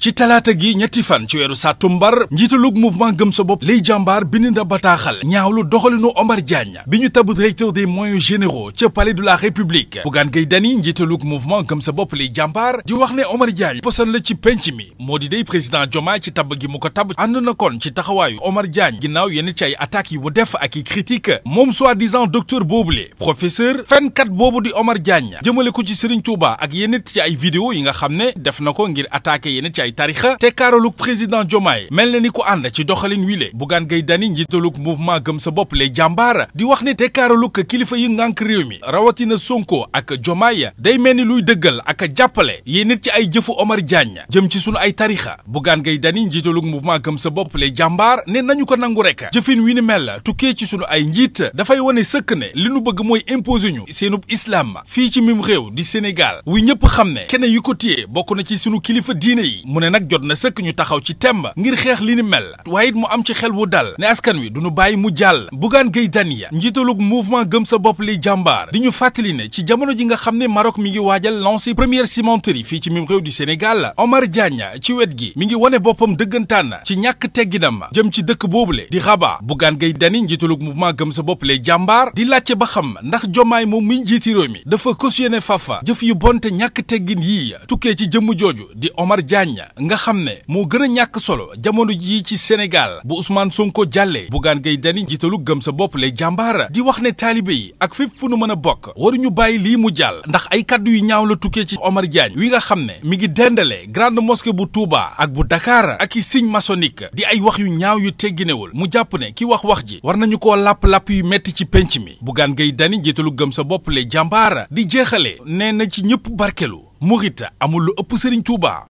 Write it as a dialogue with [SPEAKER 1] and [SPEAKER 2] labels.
[SPEAKER 1] ci talaata gi ñetti fan ci weeru mbar njiitalug mouvement gëm sa bopp lay jàmbaar bind na bataaxal ñaawlu doxalinu Omar Diagne bi ñu tabb directeur des moyens généraux ca palais de la république Bougane Gueye Dany njiitalug mouvement gëm sa bopp lay jàmbaar di wax ne Omar Diagne posan ci penc mi moo di dey président Diomaye ci tabb gi mu ko tabb ànd na kon ci taxawaayu Omar Diagne ginnaaw yenn ci ay attaque yi mu def ak i critique moom soi-disant docteur boobule professeur fenkat boobu di Omar Diagne jëmale ko ci Serigne Touba ak yenn ci ay vidéo yi nga xam ne def na ko ngir attaqué yenn ay tarixa te kaaralug président Diomaye mel na ni ku ànd ci doxalin wile Bougane Gueye Dany njiitalug mouvement gëm sa bopp les jàmbaara di wax ne te kaaralug kilifa yi ngànk réew mi rawatina Sonko ak Diomaye day mel ni luy dëggal ak jàppale yéen ci ay jëfu Omar Diagne jëm ci sunu ay tarixa Bougane Gueye Dany njiitalug mouvement gëm sa bopp les jàmbaar ne nañu ko nangu rek jëfin wi ni mel tukkee ci sunu ay njiit dafay wane sëkk ne li nu bëgg mooy imposer ñu seenub islam fii ci mim réew di Sénégal wi ñëpp xam ne kenn yu ko téye bokk na ci sunu kilifa diine yi mu ne nag jot na sëkk ñu taxaw ci temb ngir xeex li ni mel waaye it mu am ci xel wu dal ne askan wi duñu bàyyi mu jàll Bougane Gueye Dany njiitalug mouvement gëm sa bopp li jàmbaar di ñu fàttali ne ci jamono ji nga xam ne Maroc mi ngi waajal lancer première cimenterie fii ci mim réew di Sénégal Omar Diagne ci wet gi mi ngi wone boppam dëggantaan ci ñàkk tegginam jëm ci dëkk boobule di Rabat Bougane Gueye Dany njiitalug mouvement gëm sa bopp lay jàmbaar di laajte ba xam ndax jomaay moom muy njiiti mi dafa cautionné fafa jëf yu bonte ñàkk teggin yii tukkee ci jëmm jooju di Omar Diagne nga xam ne moo gën a ñàkk solo jamono jii ci Sénégal bu Ousmane Sonko jàllee Bougane Gueye Dany jiitalu gëm sa bopp lay jàmbaara di wax ne taalibe yi ak fépp fu nu mën a bokk ñu bàyyi lii mu jàll ndax ay kaddu yu ñaaw la tukkee ci Omar Diagne wi nga xam ne mi ngi dendale grande mosquée bu Touba ak bu Dakar ak i signe masonik di ay wax yu ñaaw yu tegginewul mu jàpp ne ki wax wax ji war nañu ko làpp-làpp yu metti ci pénc mi Bougane Gueye Dany jiitalu gëm sa bopp lay jàmbaara di jeexale nee na ci ñëpp barkelu Mouride amul ëpp Serigne Touba